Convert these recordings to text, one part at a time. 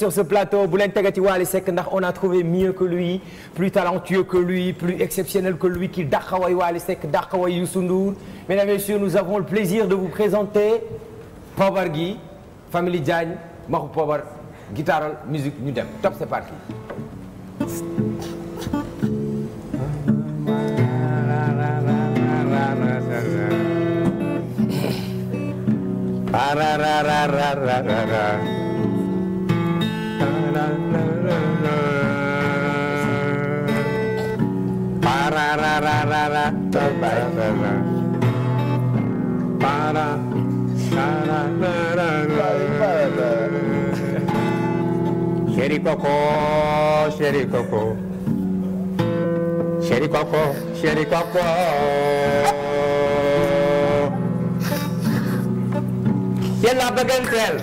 sur ce plateau bu leen tegati Wally Seck ndax on a trouvé mieux que lui plus talentueux que lui plus exceptionnel que lui qui dàqaway Wally Seck dàqaway Youssou Ndour mesdames et messieurs nous avons le plaisir de vous présenter Poobar gi Family Diagne Maxu Poobar guitaral musique ñu dem top c'est parti ra ra ra ra ra ra Xericocó, xericocó Xericocó, xericocó Yella bëggantel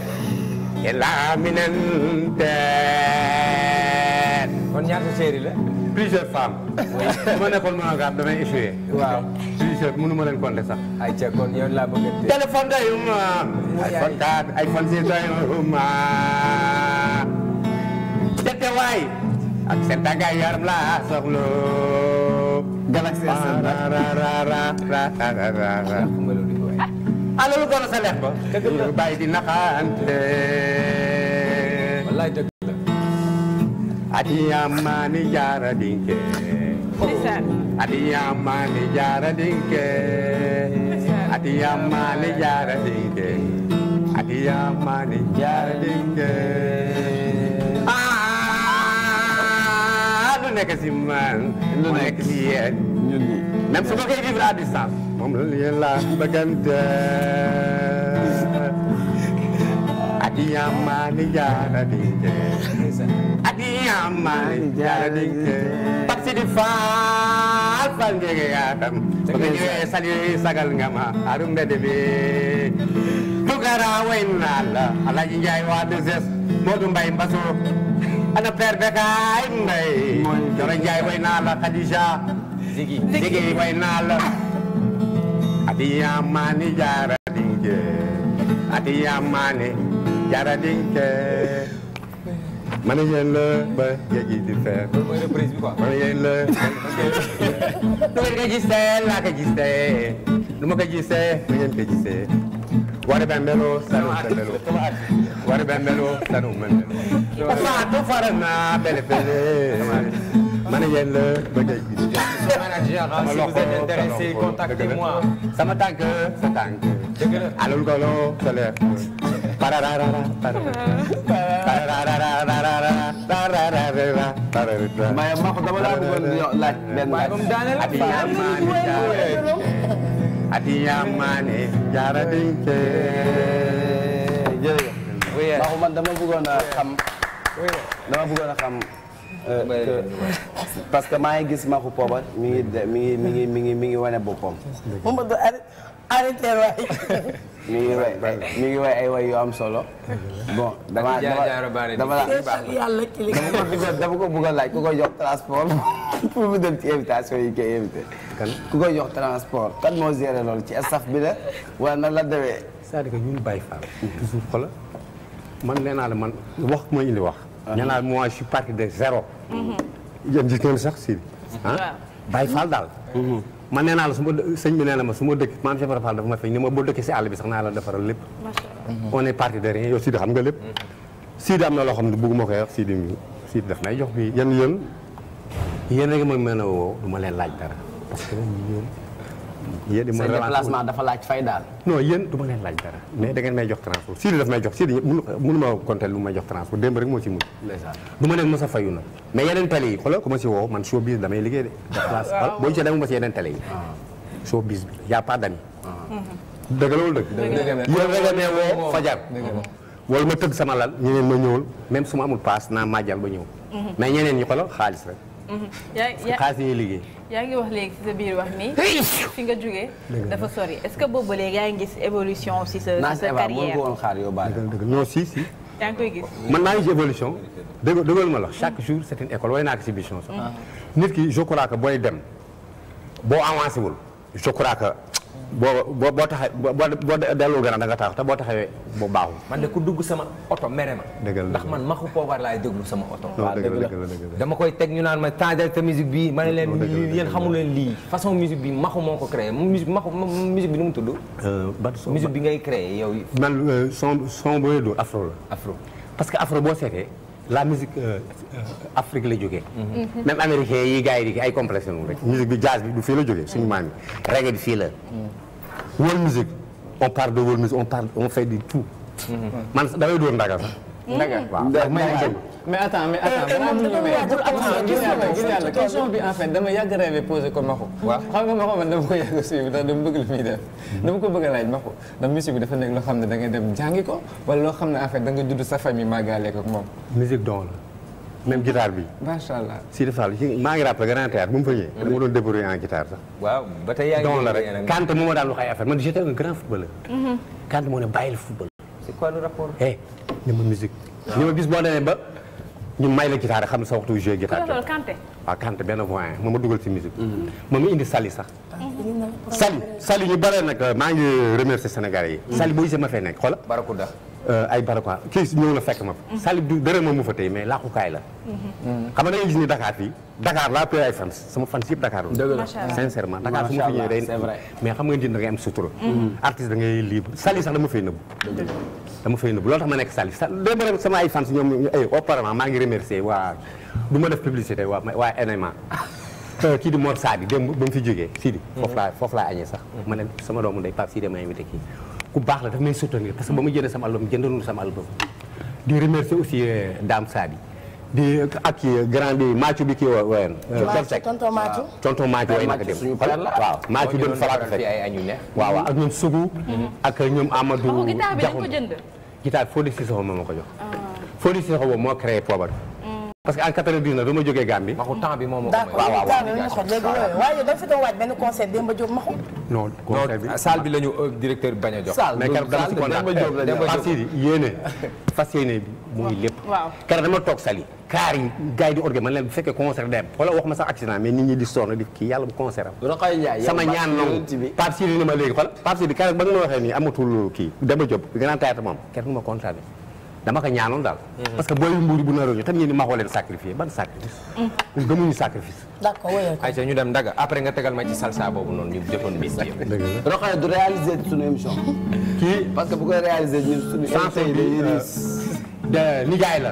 yella minantel kon ñaata séeri la plusieurs femmes. su ma nekkoon monogame damay échoué. waaw plusieurs mënu ma leen compter sax. ay kon yow laa bëgg a téléphone doyuma. Ah. iPhone 4 iPhone 6 doyuma. Ah. jete waay. ak seen tàggaay yaram laa Galaxy S7 alal golo sa lex ba. dëgg la bàyyi di naxante. adiyama ni jaara dinke adiyama ni jaara dinke adiyama ni jaara dinke adiyama ah, ni jaara dinke lu nekk si man lu nekk si yéen ñun ñi même su ma koy vivre à distance moom la bëggante Adiyamani jara dinke Adiyamani jara dinke Paksi di faal faal ngege adam Pengejwe sali sagal ngama arum bedebe Bukara wenna Allah Allah jinjai wa duzes Modum bayi mbasu Ana per beka imbay Joran jai wenna Allah Khadija Zigi Zigi wenna Allah Adiyamani jara dinke Adiyamani jaradinke man yéen la e ba géej di fer. loolu mooy reprise bi quoi. man yéen la. nu ngeen ko gisee laa ko gisee nu ma ko gisee nu ngeen ko gisee. wari bɛ n bɛlo sanu tɛ bɛlo wari bɛ n bɛlo sanu ba géej di fer. sama loxo sama loxo sama Maya ma ko dama laa bëggoon laaj benn laaj. Atiya Mané jaara dinke. jërëjëf. oui waaw man dama bëggoon a xam. dama bëggoon a xam. parce que maa ngi gis Maku Poobar mi ngi mi ngi mi ngi mi ngi wane boppam. arrêté waay. ngi way ngi way ay way yu am solo. bon dama dama la dama ko bëgg a laaj ku koy jox transport pour dem ci invitation yi koy kan ku koy jox transport kan moo géré loolu ci staff bi la wala nan la demee. c'est-à-dire que ñun Baye naa la man wax ma ñu li wax. Ah. ne naa moo je suis parti de zéro. Mhm. yéen gis ngeen sax si. ah Baye Fall daal. Mhm. man nee naa la su ma sëñ bi nee ma su ma dëkk maam Cheikh Ibra Fall dafa ma feeñ ni ma boo dëkkee si àll bi sax naa la defaral lépp on est parti de rien yow Sidi xam nga lépp mm-hmm. Sidi am na loo xam ne bëgguma koy wax Sidi mi Sidi daf may jox bii yan yéen yéen a ngi ma mën a woo du leen laaj dara parce que yéen yéen ma déplacement dafa laaj fay daal. non yéen du ma leen laaj dara mais da may jox transport Sidi daf may jox Sidi mënu ma compter lu may jox transport démb rek moo ci mujj. du ma leen mos a fayu nag mais yeneen télé yi xoolal ku ma ah. Ah, ah. bi y' a pas d'ami. dëgg la wala dëgg. yéen fajar. wala ma tëgg sama lal ñeneen ma ñëwul même su ma amul paas naa maajal ba ñëw. Mhm. mais ñeneen ñi xoolal xaalis rek. Mm-hmm. xaalis yi liggéey. yaa ngi wax léegi si sa biir wax ni fi nga jógee dafa sori est-ce que boobu léegi yaa ngi gis évolution si sa sa carrière mën ko woon xaar yow si si yaa ngi koy gis man maa ngi évolution dëgg ma la chaque jour c'est une école way naa ko si bichon sax ah. nit ki je crois que booy dem boo avancé wul je crois boo boo boo taxee boo boo delloo gën danga tax te boo taxawee bu baaxul. man de ku dugg sama oto mere ma. ndax man maxu poobar laay déglu sama oto. waaw dëgg la dama koy teg ñu naan ma tànjal te musique bii ma leen lii yéen xamu leen façon musique bi maxu moo ko créé musique maxu musique bi nu mu tudd. Euh, ban bi ngay créé yow. man euh, son son booy dóor afro la. afro parce que afro boo seetee. la musique euh, euh, Afrique la jógee. Mhm. même américain yi gars yi di ay complexe moom rek. musique bi jazz bi du fii la jógee suñu maam yi reggae bi fii la. Mhm. world music on parle de world music on parle on fait de tout. Mhm. man damay dóor ndaga sax. ndaga waaw ndax may mais attends mais attends question bi en fait dama yàgg rêvé posé ko Maxu. waaw xam nga Maxu man dama ko yàgg suivre ndax dama bëgg lu muy def. dama ko bëgg a laaj Maxu ndax musique bi dafa nekk loo xam ne da ngay dem jàngi ko wala loo xam ne en fait da nga judd sa famille màggaale ko ak moom. musique don la même guitare bi. macha allah Sidi Fall maa ngi rappelé grand théâtre bu mu fa ñëwee. dama doon débrouiller en guitare sax. waaw ba tey yaa ngi don la rek Kante moo ma daan wax ay affaire man j'étais un grand footballeur. Mhm. Kante moo ne bàyyil football. c'est quoi le rapport. eh ni ma musique. ni ma bis boo demee ba ñu may la guitare xam ne sa waxtu jouer guitare jot waaw Kanté benn voix moom ma dugal ci musique mm-hmm. moom mu indi Sali sax Sali mm-hmm. Sali ñu bare nag euh, maa ngi remercier Sénégalais yi Sali boo gisee ma fee nekk xoola Barakuda euh, ay Barakuda kii ñëw na fekk ma fa mm-hmm. Sali du moom ma mu fa tey mais laaqukaay la xam nga da ngay gis ni Dakar fii Dakar laa pay ay fans sama fans yëpp Dakar la sincèrement Dakar su ma fi ñëwee day mais xam nga nit da ngay am sutura artiste da ngay libre Sali sax dama fay nëbbu dama fay nëbbu loolu tax ma nekk Salif sax démb rek sama ay fans ñoom ñu eh, ay maa ngi remercier waa du ma def publicité waa waa NMA euh, kii di Mor Sadi démb ba mu fi jógee Sidi mhm. foofu laa foofu laa añee sax mhm. ma ne sama doomu ndey Pape Sidi ma invité kii ku baax la daf may soutenir parce que ba mu jëndee sama album jëndalul sama album di remercier aussi euh, Dame Sadi di ak grand bi Macu bi kii woyoon. Euh, tonton Macu tonton Macu waaye naka dem waaw Macu dem faraaka fekk eh. waaw ak ñoom Sougou. Mhm. ak ñoom Amadou. Diakhoum gitaar bi dañ ko jënd. gitaar Fodé Cissokho moom moo ko jox. Ah. Fodé Cissokho boobu moo créé poobar. parce que en 99 ba ma jógee Gambie. maxu temps bi moom moo ko waaw waaw waaye da nga fi concert bi la ñu euh, directeur bañ a jox. salle mais keroog dama si kontaan parti bi yéene fas yéene toog sali. kaar yi gars yi di orgue man dem wala wax ma sax accident mais nit ñi di soon di kii yàlla bu concert am. sama ñaan noonu Pape Sidi ni ma léegi xool Pape Sidi keroog ba nga ma waxee nii amatul kii Demba Diop gannaaw théâtre moom keroog ma kontaan dama ko ñaanoon daal. Mm-hmm. parce que booy mbuur bu naroon ñu tam ñu ni maxoo leen sacrifié ban sacrifice. Mm. gëmuñu sacrifice. d'accord wóyoo ñu dem ndaga après nga tegal ma ci salsa boobu noonu ñu jotoon bis bi. la loo xam ne du réaliser suñu émission. kii parce que bu nijaay euh, la.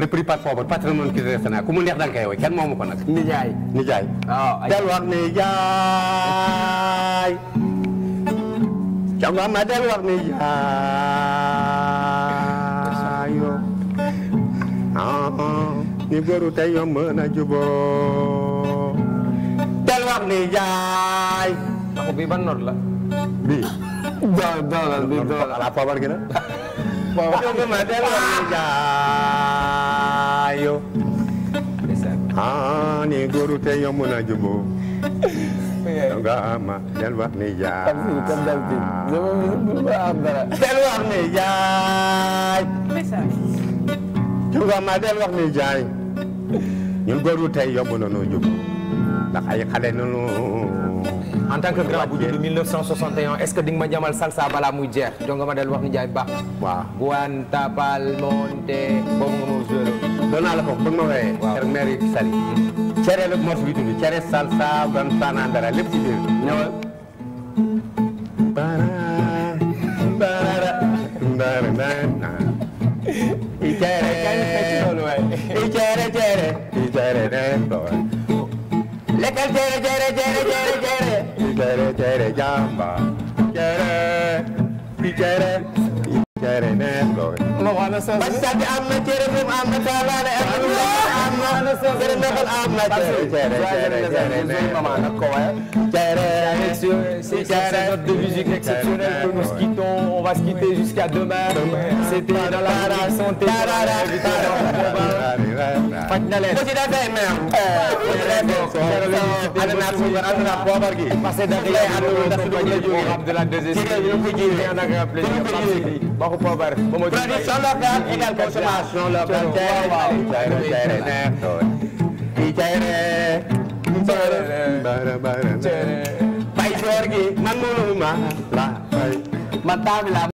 repris par pauvre patrimoine culturel ku mu neex da nga kenn moomu ko nag. nijaay nijaay. nijaay. ca nga ma del nijaay. ni góoru tey yomb na juboo del wax ni jaay ndax bii ban noot la bii dool doolal bi doolal ala poobar gi na juguma del wax ni jaayo ah ni góoru tey yomb na juboo nga ama del wax ni jaay del wax ni jaay Touba maa del wax ni jaay ñun góoru tey yomb na noo jóg ndax ay xale en tan que grand bu judd 1961 est-ce que di nga ma jamal salsa balaa mu jeex jonga ma del wax ni jaay baax waaw guanta pal monte boobu nga naa la ko bëgg ma wooyee cere la salsa ban fanandara lépp ci cere cere cere nen ɗon lekkal cere cere cere cere cere cere cere jamba cere cere cere nen ɗon battade amma cere fum amma talane amma Sëriñ Ndefal am na c'est cette note de musique exceptionnelle que nous quittons. On va se quitter jusqu'à demain. C'était dans la santé. faj na leen. bu ci defee mer. bu ci defee. ànd naa suukar ànd naa poobar gi. parce que da ngay àndul ndax du ñu ko jiw. Abdoulaye 2STV. ci réew mi ñu ko jiw. boo ko poobaree ba ma. production locale égale consommation locale. cere cere cere cere